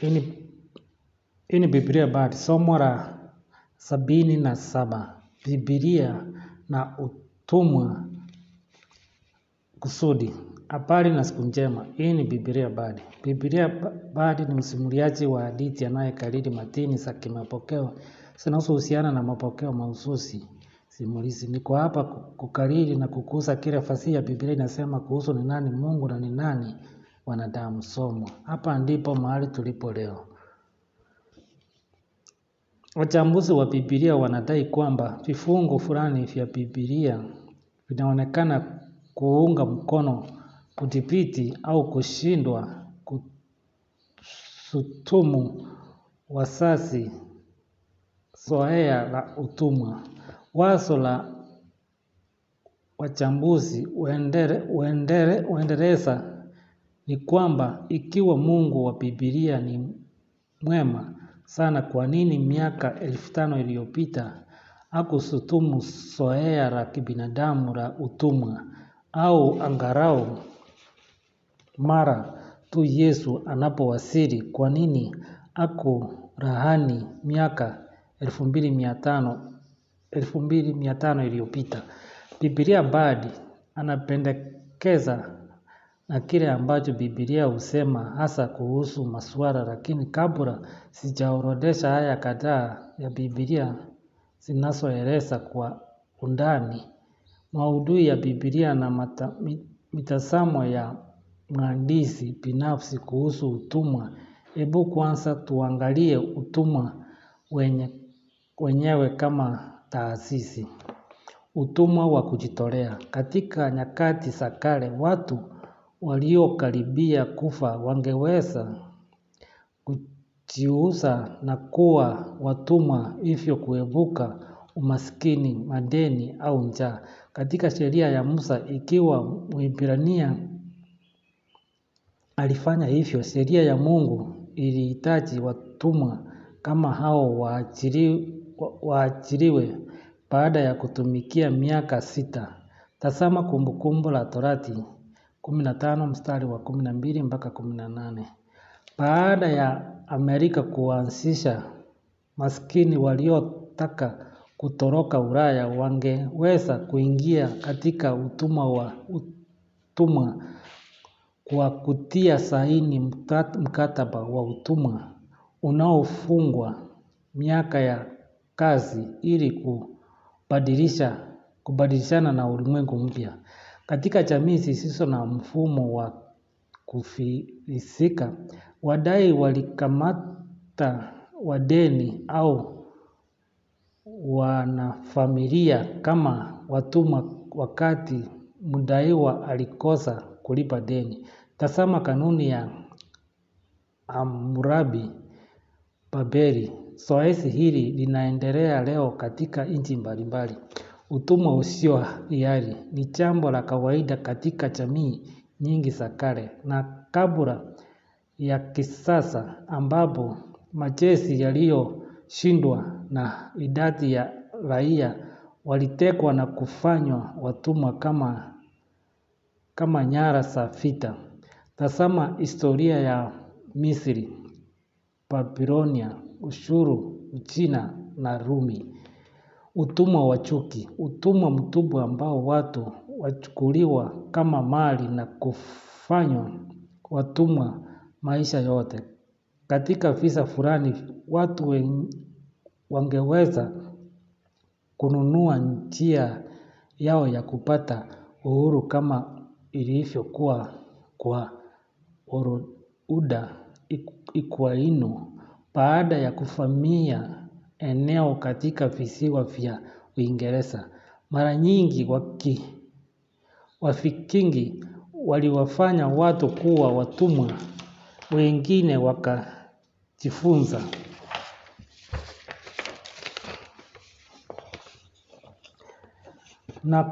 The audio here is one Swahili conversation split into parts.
Hii ni Biblia Bard, somo la sabini na saba, bibiria na utumwa kusudi. Habari na siku njema. Hii ni bibiria badi bibiria badi ni msimuliaji wa hadithi anayekariri matini za kimapokeo zinazohusiana na mapokeo mahususi simulizi. Niko hapa kukariri na kukuza kile fasihi ya bibilia inasema kuhusu ni nani Mungu na ni nani wanadamu. Somo hapa ndipo mahali tulipo leo. Wachambuzi wa Biblia wanadai kwamba vifungu fulani vya Biblia vinaonekana kuunga mkono kudhibiti au kushindwa kusutumu wasasi, zoea la utumwa. Wazo la wachambuzi uendereza ni kwamba ikiwa Mungu wa Biblia ni mwema sana kwa nini miaka elfu tano iliyopita akusutumu soea la kibinadamu la utumwa au angarau mara tu Yesu anapowasili kwa nini rahani miaka elfu mbili mia tano iliyopita Biblia badi anapendekeza na kile ambacho Biblia husema hasa kuhusu masuala lakini kabla sijaorodesha haya kadhaa ya Biblia zinazoeleza kwa undani maudhui ya Biblia na mitazamo ya mhandisi binafsi kuhusu utumwa. Hebu kwanza tuangalie utumwa wenyewe kama taasisi. Utumwa wa kujitolea. Katika nyakati za kale watu waliokaribia kufa wangeweza kujiuza na kuwa watumwa hivyo kuepuka umaskini, madeni au njaa. Katika sheria ya Musa ikiwa Mwibrania alifanya hivyo, sheria ya Mungu ilihitaji watumwa kama hao waachiliwe baada ya kutumikia miaka sita. Tazama Kumbukumbu la Torati kumi mstari wa mpaka Baada ya Amerika kuanzisha, maskini waliotaka kutoroka Ulaya wangeweza kuingia katika utumwa wa utumwa kwa kutia saini mkataba wa utumwa unaofungwa miaka ya kazi ili kubadilishana na ulimwengu mpya. Katika jamii zisizo na mfumo wa kufilisika, wadai walikamata wadeni au wanafamilia kama watumwa wakati mdaiwa alikosa kulipa deni. Tazama kanuni ya Amurabi baberi Zoezi hili linaendelea leo katika nchi mbalimbali. Utumwa usio hiari ni jambo la kawaida katika jamii nyingi za kale na kabla ya kisasa ambapo majeshi yaliyoshindwa na idadi ya raia walitekwa na kufanywa watumwa kama kama nyara za vita. Tazama historia ya Misri, Babilonia, Ushuru, Uchina na Rumi. Utumwa wa chuki utumwa mtubwa ambao watu wachukuliwa kama mali na kufanywa watumwa maisha yote. Katika visa fulani watu wangeweza kununua njia yao ya kupata uhuru kama ilivyokuwa kwa Oroda Ikwainu baada ya kuvamia eneo katika visiwa vya Uingereza. Mara nyingi waki, wafikingi waliwafanya watu kuwa watumwa, wengine wakajifunza na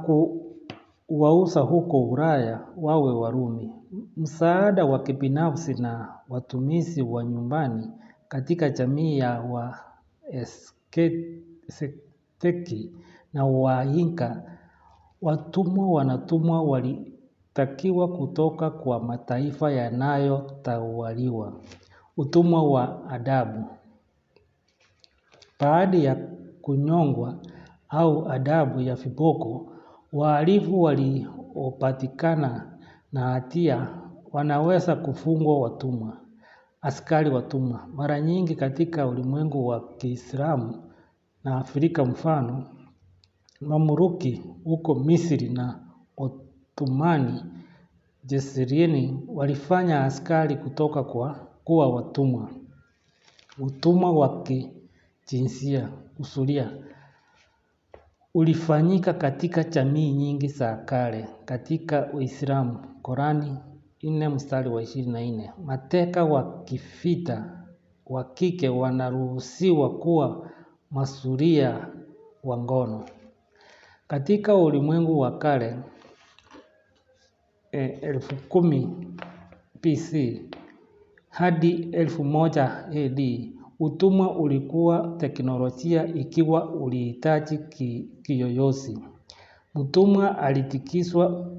kuwauza huko Ulaya wawe Warumi. Msaada wa kibinafsi na watumizi wa nyumbani katika jamii ya wa Ezteki na Wainka watumwa wanatumwa walitakiwa kutoka kwa mataifa yanayotawaliwa. Utumwa wa adabu. Baada ya kunyongwa au adabu ya viboko, wahalifu waliopatikana na hatia wanaweza kufungwa watumwa askari watumwa. Mara nyingi katika ulimwengu wa Kiislamu na Afrika mfano, Mamuruki huko Misri na otumani Jezeriani walifanya askari kutoka kwa kuwa watumwa. Utumwa wa kijinsia usuria ulifanyika katika jamii nyingi za kale. Katika Uislamu, Korani nne mstari wa ishirini na nne mateka wa kivita wa kike wanaruhusiwa kuwa masuria wa ngono. Katika ulimwengu wa kale eh, elfu kumi BC hadi elfu moja AD utumwa ulikuwa teknolojia ikiwa ulihitaji ki, kiyoyozi. Mtumwa alitikiswa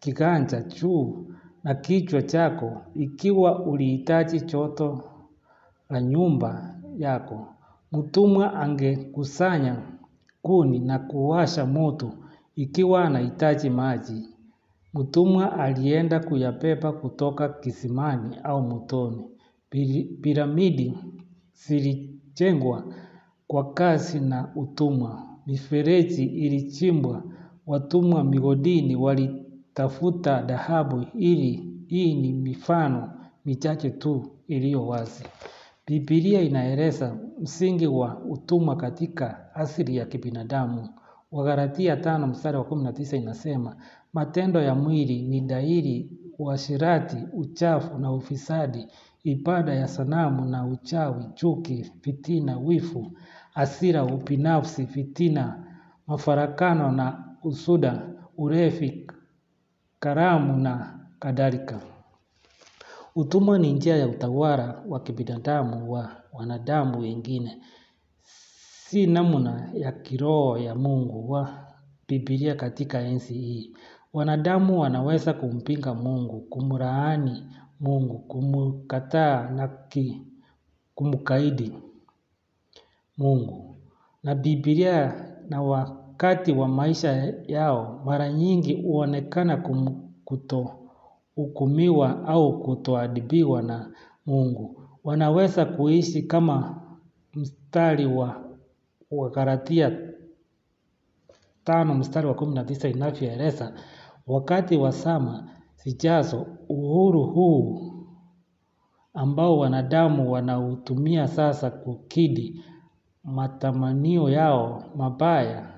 kiganja juu na kichwa chako ikiwa ulihitaji joto la nyumba yako. Mtumwa angekusanya kuni na kuwasha moto ikiwa anahitaji maji. Mtumwa alienda kuyabeba kutoka kisimani au mtoni. Piramidi zilijengwa kwa kazi na utumwa. Mifereji ilichimbwa. Watumwa migodini wali Tafuta dhahabu ili Hii ni mifano michache tu iliyo wazi. Biblia inaeleza msingi wa utumwa katika asili ya kibinadamu. Wagalatia tano mstari wa kumi na tisa inasema matendo ya mwili ni dhahiri, uashirati uchafu na ufisadi, ibada ya sanamu na uchawi, chuki, fitina, wifu asira upinafsi fitina, mafarakano na usuda, urefi karamu na kadhalika. Utumwa ni njia ya utawala wa kibinadamu wa wanadamu wengine. Si namna ya kiroho ya mungu wa biblia katika enzi hii. Wanadamu wanaweza kumpinga mungu, kumlaani mungu, kumkataa na kumkaidi mungu. Na biblia na wa wakati wa maisha yao mara nyingi huonekana kutohukumiwa au kutoadhibiwa na Mungu. Wanaweza kuishi kama mstari wa Wagalatia tano mstari wa kumi na tisa inavyoeleza, wakati wa zama zijazo, uhuru huu ambao wanadamu wanautumia sasa kukidhi matamanio yao mabaya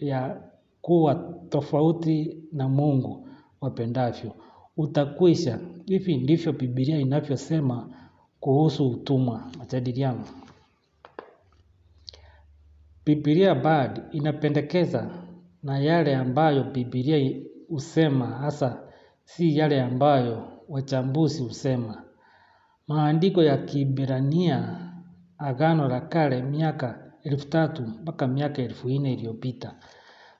ya kuwa tofauti na Mungu wapendavyo utakwisha. Hivi ndivyo Biblia inavyosema kuhusu utumwa. Majadiliano. Biblia bad inapendekeza na yale ambayo Biblia husema hasa, si yale ambayo wachambuzi husema. Maandiko ya Kiebrania, Agano la Kale, miaka elfu tatu mpaka miaka elfu nne iliyopita.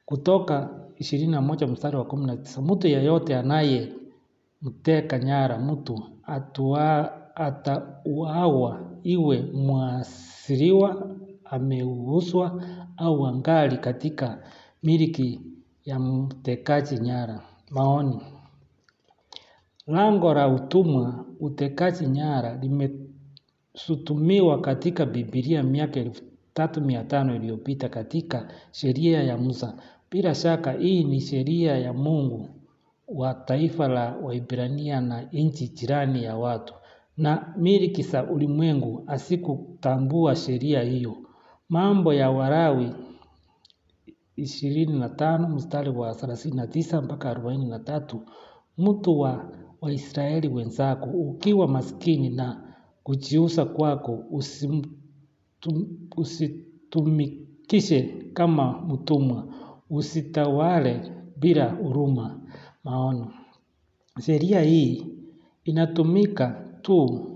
Kutoka ishirini na moja mstari wa kumi na tisa mtu yeyote mteka nyara mtu atauawa, iwe mwasiriwa ameuhuswa au angali katika miliki ya mtekaji nyara. Maoni. Lango la utumwa, utekaji nyara limeshutumiwa katika bibilia miaka elfu tatu mia tano iliyopita katika sheria ya Musa. Bila shaka hii ni sheria ya Mungu wa taifa la Waibrania na nchi jirani ya watu, na miliki za ulimwengu asikutambua sheria hiyo. Mambo ya warawi ishirini na tano mstari wa thelathini na tisa mpaka arobaini na tatu mtu wa Waisraeli wenzako ukiwa maskini na kujiuza kwako usim, usitumikishe kama mtumwa, usitawale bila huruma maono. Sheria hii inatumika tu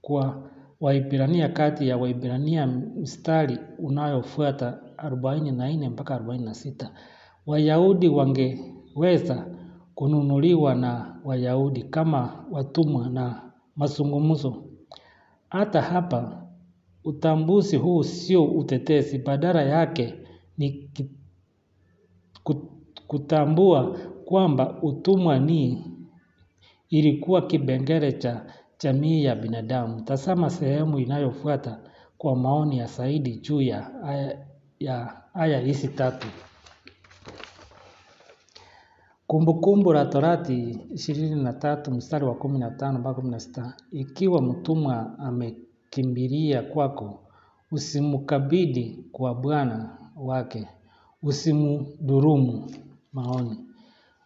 kwa waibrania kati ya waibrania mstari unayofuata arobaini na mpaka 46. Wayahudi wangeweza kununuliwa na Wayahudi kama watumwa na mazungumzo. Hata hapa Utambuzi huu sio utetezi, badala yake ni kutambua kwamba utumwa ni ilikuwa kipengele cha jamii ya binadamu. Tazama sehemu inayofuata kwa maoni ya zaidi juu ya aya hizi tatu. Kumbukumbu la Torati ishirini na tatu mstari wa kumi na tano mpaka kumi na sita ikiwa mtumwa ame kimbilia kwako, usimkabidhi kwa bwana wake, usimdhulumu maoni.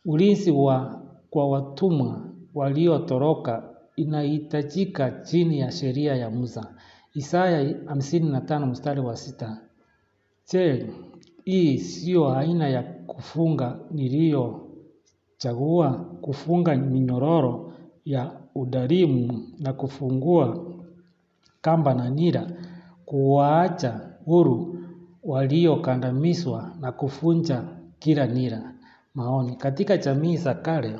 Ulinzi wa kwa watumwa waliotoroka inahitajika chini ya sheria ya Musa. Isaya 55 mstari wa sita. Je, hii siyo aina ya kufunga niliyochagua? Kufunga minyororo ya udhalimu na kufungua kamba na nira kuwaacha huru waliokandamizwa na kuvunja kila nira. Maoni katika jamii za kale,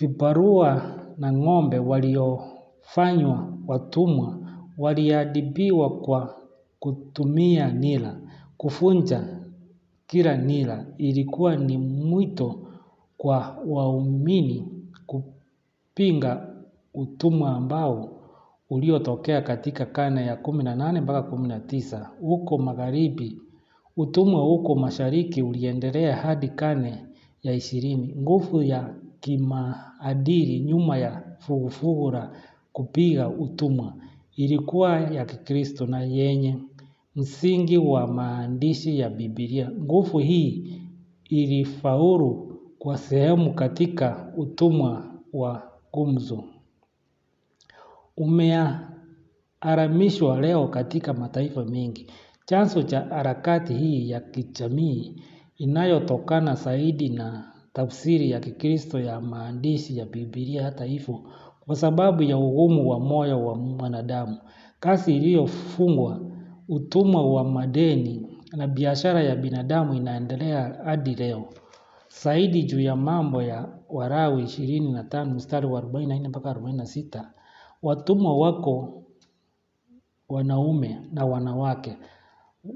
vibarua na ng'ombe waliofanywa watumwa waliadibiwa kwa kutumia nira. Kuvunja kila nira ilikuwa ni mwito kwa waumini kupinga utumwa ambao uliotokea katika karne ya kumi na nane mpaka kumi na tisa huko magharibi. Utumwa huko mashariki uliendelea hadi karne ya ishirini. Nguvu ya kimaadili nyuma ya fugufugu la kupiga utumwa ilikuwa ya Kikristo na yenye msingi wa maandishi ya Biblia. Nguvu hii ilifaulu kwa sehemu katika utumwa wa gumzo umeharamishwa leo katika mataifa mengi. Chanzo cha harakati hii ya kijamii inayotokana zaidi na tafsiri ya kikristo ya maandishi ya Biblia hata hivyo kwa sababu ya ugumu wa moyo wa mwanadamu, kazi iliyofungwa, utumwa wa madeni na biashara ya binadamu inaendelea hadi leo. Zaidi juu ya mambo ya warawi ishirini na tano mstari wa arobaini na nne mpaka arobaini na sita Watumwa wako wanaume na wanawake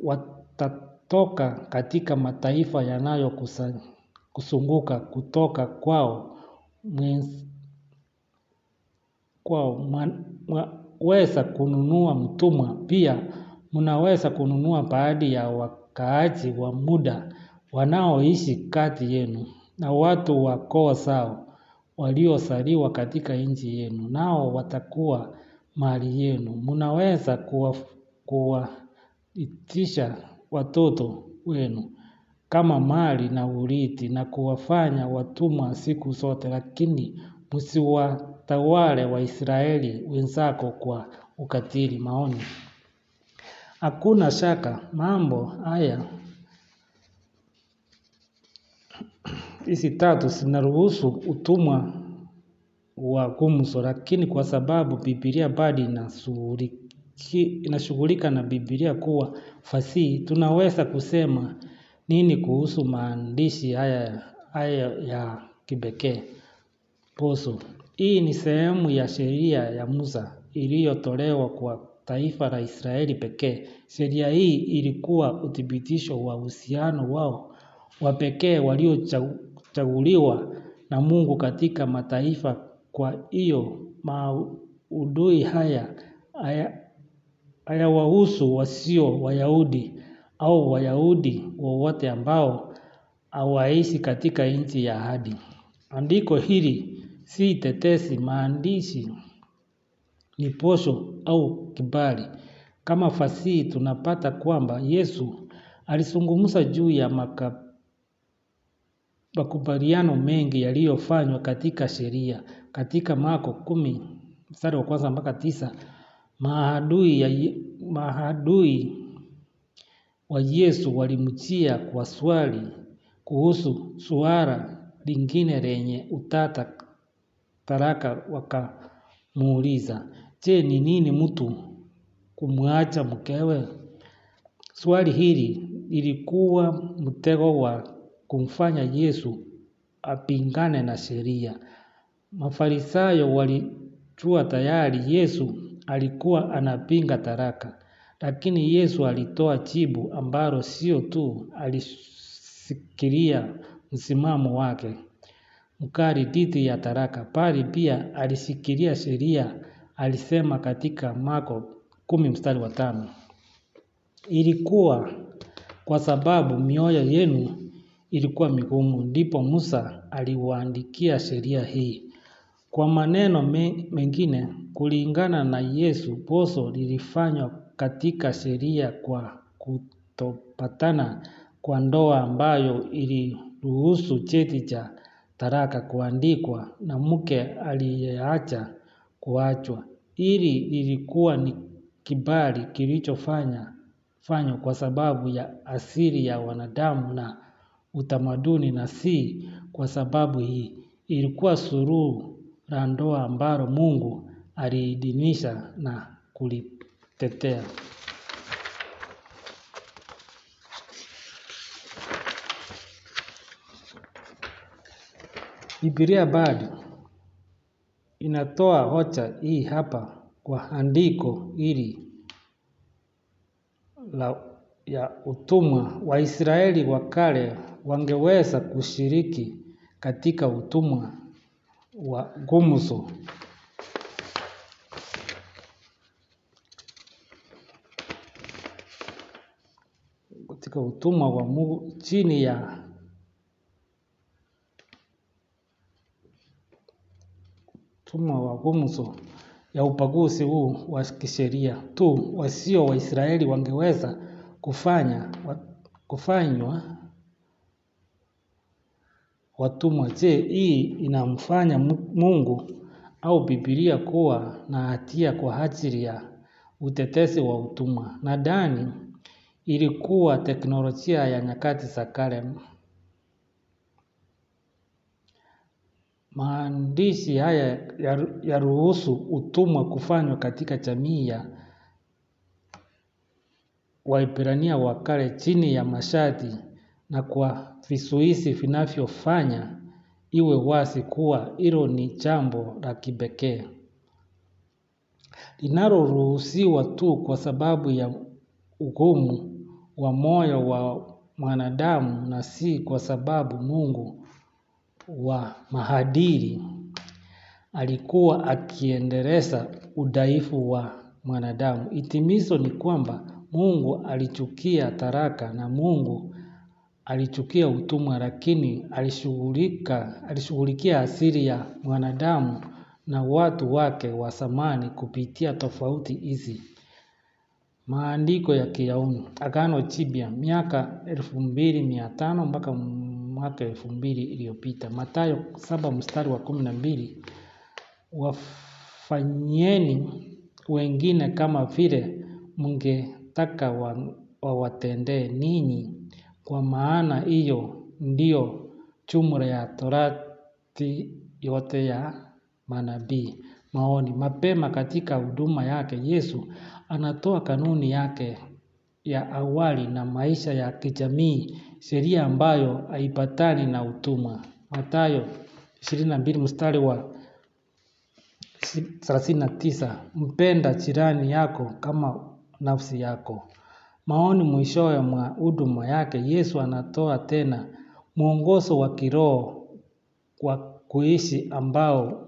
watatoka katika mataifa yanayokuzunguka kutoka kwao mwaweza kununua mtumwa. Pia mnaweza kununua baadhi ya wakaaji wa muda wanaoishi kati yenu na watu wa koo zao waliosaliwa katika nchi yenu, nao watakuwa mali yenu. Mnaweza kuwaitisha watoto wenu kama mali na urithi na kuwafanya watumwa siku zote, lakini msiwatawale Waisraeli wenzako kwa ukatili. Maoni. Hakuna shaka mambo haya hizi tatu zinaruhusu utumwa wa gumzo, lakini kwa sababu Biblia bado inashughulika na Biblia kuwa fasihi, tunaweza kusema nini kuhusu maandishi haya haya ya kipekee? Poso. Hii ni sehemu ya sheria ya Musa iliyotolewa kwa taifa la Israeli pekee. Sheria hii ilikuwa uthibitisho wa uhusiano wao wa pekee waliochagua kuchaguliwa na Mungu katika mataifa Kwa hiyo maudhui haya hayawahusu wasio Wayahudi au Wayahudi wowote ambao hawaishi katika nchi ya ahadi. Andiko hili si tetesi maandishi ni posho au kibali. Kama fasihi tunapata kwamba Yesu alizungumza juu ya makubaliano mengi yaliyofanywa katika sheria katika Marko kumi mstari wa kwanza mpaka tisa maadui ya, maadui wa Yesu walimjia kwa swali kuhusu suala lingine lenye utata taraka wakamuuliza je ni nini mtu kumwacha mkewe swali hili lilikuwa mtego wa kumfanya Yesu apingane na sheria. Mafarisayo walijua tayari Yesu alikuwa anapinga taraka, lakini Yesu alitoa jibu ambalo sio tu alishikilia msimamo wake mkali dhidi ya taraka, bali pia alishikilia sheria. Alisema katika Marko kumi mstari wa tano, ilikuwa kwa sababu mioyo yenu ilikuwa migumu, ndipo Musa aliwaandikia sheria hii. Kwa maneno mengine, kulingana na Yesu, poso lilifanywa katika sheria kwa kutopatana kwa ndoa ambayo iliruhusu cheti cha taraka kuandikwa na mke aliyeacha kuachwa. Hili lilikuwa ni kibali kilichofanya fanywa kwa sababu ya asili ya wanadamu na utamaduni na si kwa sababu hii. Ilikuwa suluhu la ndoa ambalo mungu aliidhinisha na kulitetea. Biblia bado inatoa hoja hii hapa kwa andiko hili ya utumwa waisraeli wa kale wangeweza kushiriki katika utumwa wa gumzo katika utumwa wa Mungu chini ya utumwa wa gumzo ya ubaguzi huu wa kisheria tu wasio Waisraeli wangeweza kufanya kufanywa watumwa. Je, hii inamfanya Mungu au Biblia kuwa na hatia kwa ajili ya utetezi wa utumwa? Nadhani ilikuwa teknolojia ya nyakati za kale. Maandishi haya yaruhusu utumwa kufanywa katika jamii ya Waibrania wa kale chini ya masharti na kwa visuisi vinavyofanya iwe wazi kuwa hilo ni jambo la kipekee linaloruhusiwa tu kwa sababu ya ugumu wa moyo wa mwanadamu na si kwa sababu Mungu wa mahadiri alikuwa akiendeleza udhaifu wa mwanadamu. itimizo ni kwamba Mungu alichukia taraka na Mungu alichukia utumwa lakini alishughulikia asili ya mwanadamu na watu wake wa zamani kupitia tofauti hizi. Maandiko ya Kiyahudi, Agano Jipya, miaka elfu mbili mia tano mpaka mwaka elfu mbili iliyopita. Mathayo saba mstari wa kumi na mbili wafanyeni wengine kama vile mngetaka wawatendee ninyi. Kwa maana hiyo ndiyo jumla ya torati yote ya manabii. Maoni, mapema katika huduma yake Yesu anatoa kanuni yake ya awali na maisha ya kijamii, sheria ambayo haipatani na utumwa. Mathayo 22 mstari wa 39, mpenda jirani yako kama nafsi yako. Maoni mwishowe mwa huduma yake Yesu anatoa tena mwongozo wa kiroho kwa kuishi ambao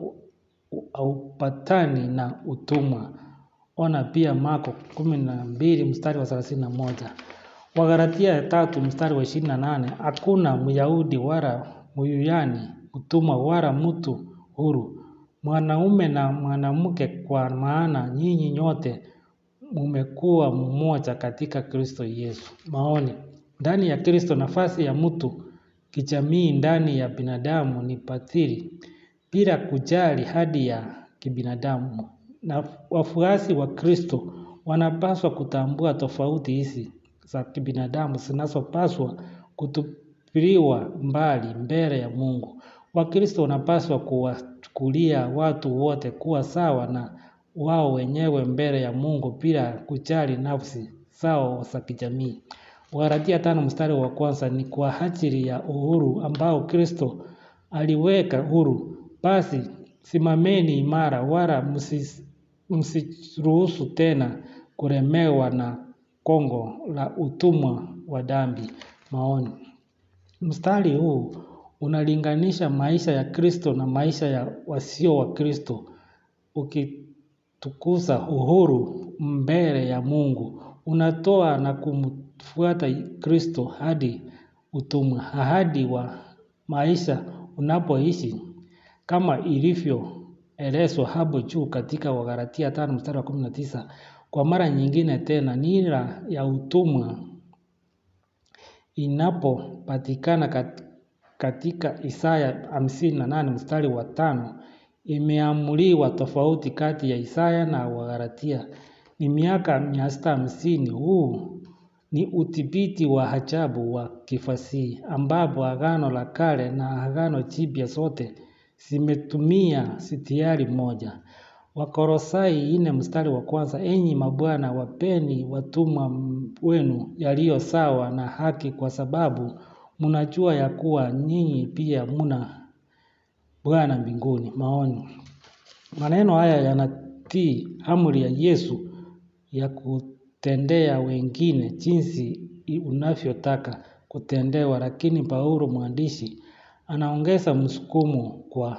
haupatani na utumwa. Ona pia mako 12 mstari wa 31. Wagalatia tatu mstari wa 28, hakuna Myahudi wala muyuyani mtumwa wala mtu huru, mwanaume na mwanamke, kwa maana nyinyi nyote mumekuwa mmoja katika Kristo Yesu. Maoni ndani ya Kristo, nafasi ya mtu kijamii ndani ya binadamu ni pathiri bila kujali hadi ya kibinadamu, na wafuasi wa Kristo wanapaswa kutambua tofauti hizi za kibinadamu zinazopaswa kutupiliwa mbali mbele ya Mungu. Wakristo wanapaswa kuwachukulia watu wote kuwa sawa na wao wenyewe mbele ya Mungu bila kujali nafsi zao za kijamii. waratia tano mstari wa kwanza ni kwa ajili ya uhuru ambao Kristo aliweka huru. Basi simameni imara, wala msiruhusu tena kuremewa na kongo la utumwa wa dhambi. Maoni. Mstari huu unalinganisha maisha ya Kristo na maisha ya wasio wa Kristo ukit kutukuza uhuru mbele ya Mungu. Unatoa na kumfuata Kristo hadi utumwa, ahadi wa maisha unapoishi kama ilivyoelezwa hapo juu katika Wagalatia tano mstari wa kumi na tisa. Kwa mara nyingine tena, nira ya utumwa inapopatikana katika Isaya hamsini na nane mstari wa tano Imeamuliwa tofauti kati ya Isaya na Wagalatia ni miaka 650. Huu ni udhibiti wa hajabu wa kifasihi ambapo Agano la Kale na Agano Jipya zote zimetumia sitiari moja. Wakolosai ine mstari wa kwanza, enyi mabwana wapeni watumwa wenu yaliyo sawa na haki, kwa sababu mnajua ya kuwa nyinyi pia muna Bwana mbinguni. Maoni. Maneno haya yanatii amri ya Yesu ya kutendea wengine jinsi unavyotaka kutendewa, lakini Paulo mwandishi anaongeza msukumo kwa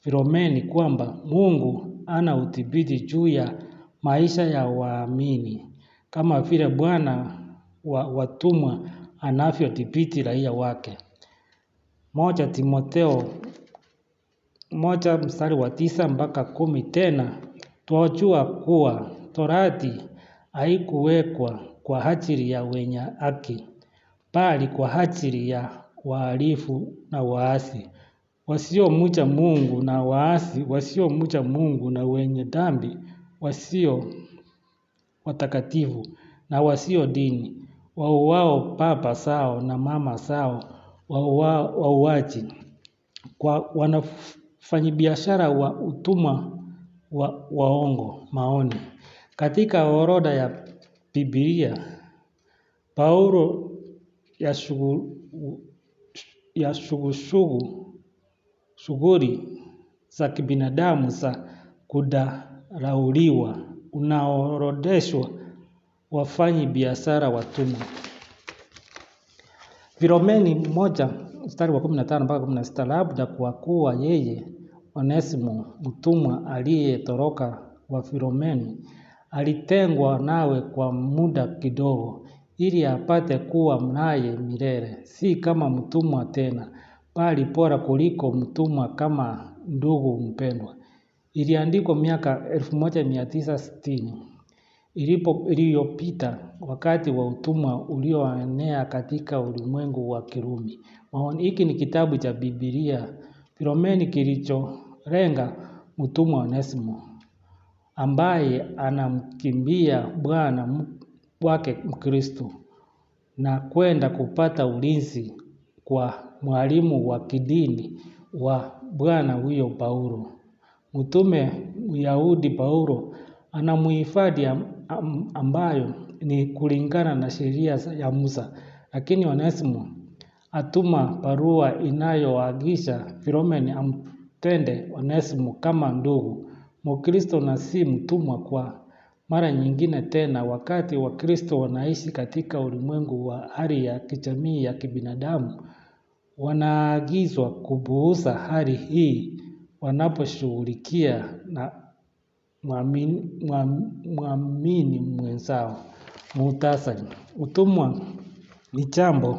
Filomeni kwamba Mungu ana udhibiti juu ya maisha ya waamini kama vile bwana wa watumwa anavyodhibiti raia wake. Moja Timotheo moja mstari wa tisa mpaka kumi tena twajua kuwa torati haikuwekwa kwa ajili ya wenye haki bali kwa ajili ya waalifu na waasi wasiomcha Mungu na waasi wasiomcha Mungu na wenye dhambi wasio watakatifu na wasio dini wauao papa zao na mama zao wauaji kwa wanafu, Mfanyibiashara wa utumwa wa waongo maoni. Katika orodha ya bibilia Paulo ya shughuli za kibinadamu za unaorodeshwa wafanyi biashara watumwa. Filomeni moja mstari wa kumi na tano mpaka kumi na sita labda kwa kuwa yeye Onesimo mtumwa aliyetoroka wa Filomeni alitengwa nawe kwa muda kidogo, ili apate kuwa naye milele, si kama mtumwa tena, bali bora kuliko mtumwa, kama ndugu mpendwa. Iliandikwa miaka 1960 iliyopita wakati wa utumwa ulioenea katika ulimwengu wa Kirumi. maoni Hiki ni kitabu cha Biblia Filomeni kilicho renga mtumwa Onesimo ambaye anamkimbia bwana wake Mkristo na kwenda kupata ulinzi kwa mwalimu wa kidini wa bwana huyo Paulo. Mtume Myahudi Paulo anamhifadhi ambayo ni kulingana na sheria ya Musa, lakini Onesimo atuma barua inayoagisha Filomeni Twende Onesimo kama ndugu, Mkristo na si mtumwa kwa mara nyingine tena wakati Wakristo wanaishi katika ulimwengu wa hali ya kijamii ya kibinadamu, wanaagizwa kupuuza hali hii wanaposhughulikia na mwamini mwenzao. Muhtasari, utumwa ni jambo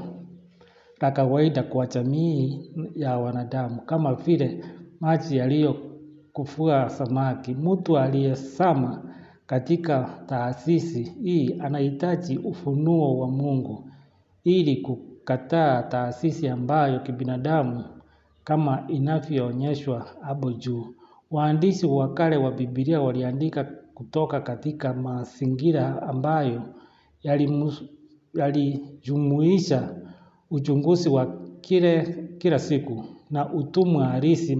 la kawaida kwa jamii ya wanadamu kama vile maji yaliyokufua samaki. Mtu aliyesama katika taasisi hii anahitaji ufunuo wa Mungu ili kukataa taasisi ambayo kibinadamu kama inavyoonyeshwa hapo juu. Waandishi wa kale wa Biblia waliandika kutoka katika mazingira ambayo yalijumuisha uchunguzi wa kila siku na utumwa halisi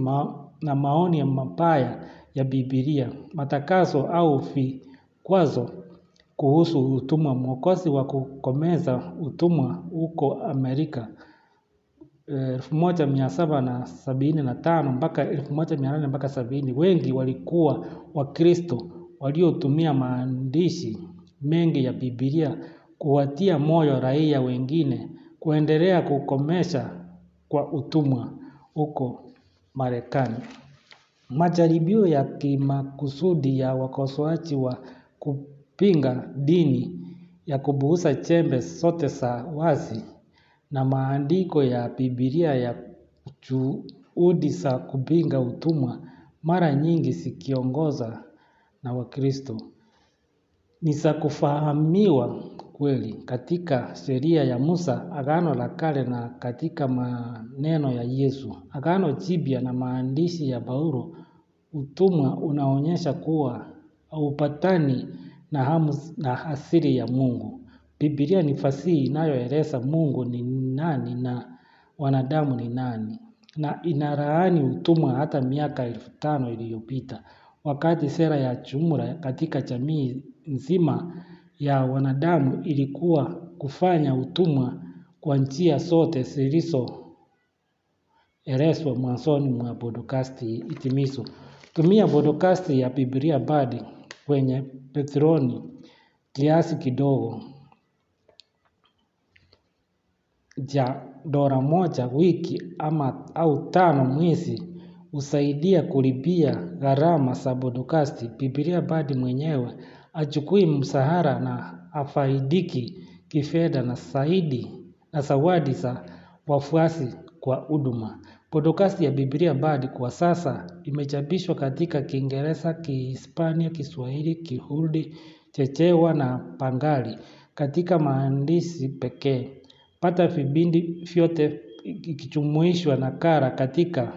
na maoni mabaya ya Biblia, matakaso au vikwazo kuhusu utumwa. Mwokozi wa kukomeza utumwa huko Amerika tano mpaka sabini wengi walikuwa Wakristo waliotumia maandishi mengi ya Biblia kuwatia moyo raia wengine kuendelea kukomesha kwa utumwa huko Marekani. Majaribio ya kimakusudi ya wakosoaji wa kupinga dini ya kubuusa chembe zote za wazi na maandiko ya Biblia ya juhudi za kupinga utumwa mara nyingi zikiongoza na Wakristo ni za kufahamiwa kweli. Katika sheria ya Musa, Agano la Kale na katika maneno ya Yesu, Agano Jipya na maandishi ya Paulo, utumwa unaonyesha kuwa haupatani na hamu na asili ya Mungu. Biblia ni fasihi inayoeleza Mungu ni nani na wanadamu ni nani, na inalaani utumwa hata miaka elfu tano iliyopita, wakati sera ya jumla katika jamii nzima ya wanadamu ilikuwa kufanya utumwa kwa njia zote zilizoelezwa mwanzoni mwa podikasti itimizo. Tumia podikasti ya Biblia Badi kwenye petroni kiasi kidogo cha dola moja wiki ama au tano mwezi usaidia kulipia gharama za podikasti. Biblia Badi mwenyewe achukui msahara na afaidiki kifedha na zaidi na zawadi za wafuasi kwa huduma. Podokasti ya Biblia Bard kwa sasa imechapishwa katika Kiingereza, Kihispania, Kiswahili, Kihurdi, Chechewa na Pangali katika maandishi pekee. Pata vipindi vyote ikijumuishwa kara katika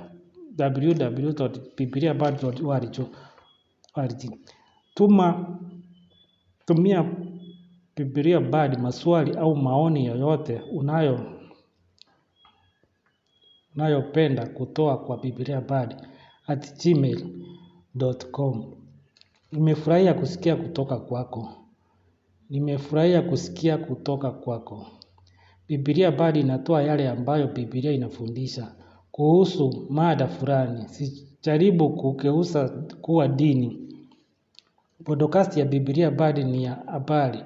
www.bibliabard.org. Tuma Tumia bibiria badi maswali au maoni yoyote unayo unayopenda kutoa kwa bibiria badi at gmail.com. Nimefurahia kusikia kutoka kwako. Nimefurahia kusikia kutoka kwako. bibiria badi inatoa yale ambayo bibiria inafundisha. Kuhusu mada fulani. Sijaribu kugeusa kuwa dini. Podcast ya Biblia badi ni ya habari.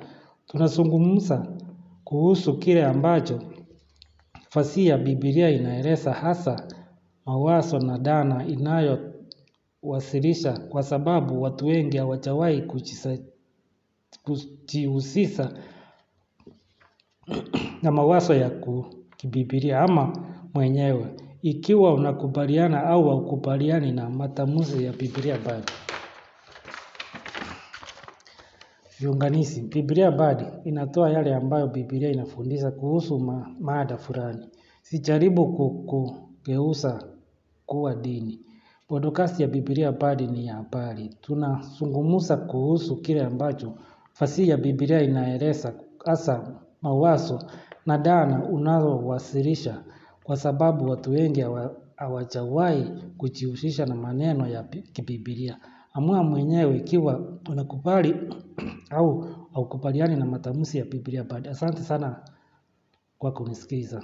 Tunazungumza kuhusu kile ambacho fasihi ya Biblia inaeleza hasa mawazo na dana inayowasilisha kwa sababu watu wengi hawajawahi kujihusisha na mawazo ya kibibilia ama mwenyewe. Ikiwa unakubaliana au haukubaliani na matamuzi ya bibilia bado viunganishi. Biblia badi inatoa yale ambayo Biblia inafundisha kuhusu ma, mada fulani. Sijaribu kugeuza kuwa dini. Podcast ya Biblia badi ni ya habari. Tunazungumza kuhusu kile ambacho fasihi ya Biblia inaeleza hasa mawazo na dhana unazowasilisha kwa sababu watu wengi hawajawahi kujihusisha na maneno ya kibiblia. Amua mwenyewe ikiwa unakubali au haukubaliani na matamshi ya Biblia. Asante sana kwa kunisikiliza